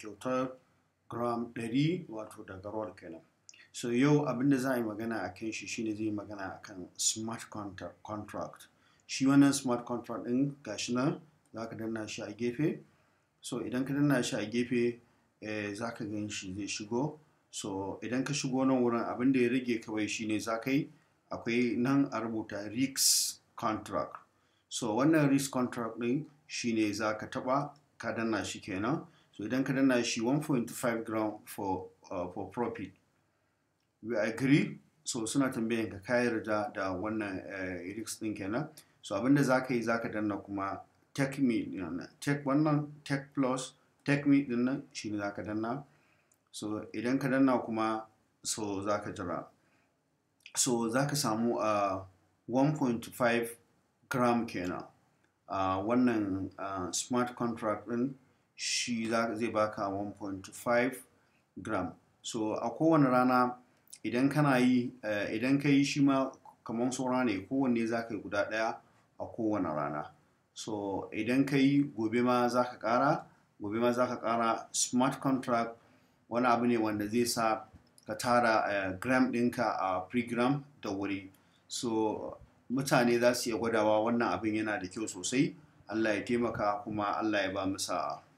kyautar gram 100 wato daga roll kenan so yau abinda za a yi magana a kan shi shine zai magana a kan smart contract shi wannan smart contract din gashi nan za ka danna shi a gefe so idan ka danna shi a gefe eh, za ka gan shi zai shigo so idan ka shigo nan wurin abinda ya rage kawai shine za ka yi akwai nan a rubuta risk contract so wannan risk contract din shine za ka taba ka danna shi kenan so idan ka danna shi 1.5 gram for uh, for profit we agree so suna tambayan ka ka yarda da wannan uh, eh, risk din kenan so abinda za ka yi za ka danna kuma tech me tech wannan tech plus tech me din nan shi ne za ka danna so idan ka danna kuma so za ka jira so za ka samu a uh, 1.5 gram kenan uh, wannan uh, smart contract din shi zai baka 1.5 gram so a kowane rana idan kana yi eh, idan ka yi shi ma kamar saura ne kowanne za ka yi guda ɗaya a kowane rana so idan ka yi gobe ma za ka ƙara gobe ma za ka ƙara smart contract wani abu ne wanda zai sa ka tara eh, gram ɗinka a pre da wuri so mutane za su iya gwadawa wannan abin yana da kyau sosai allah ya taimaka kuma allah ya ba mu sa'a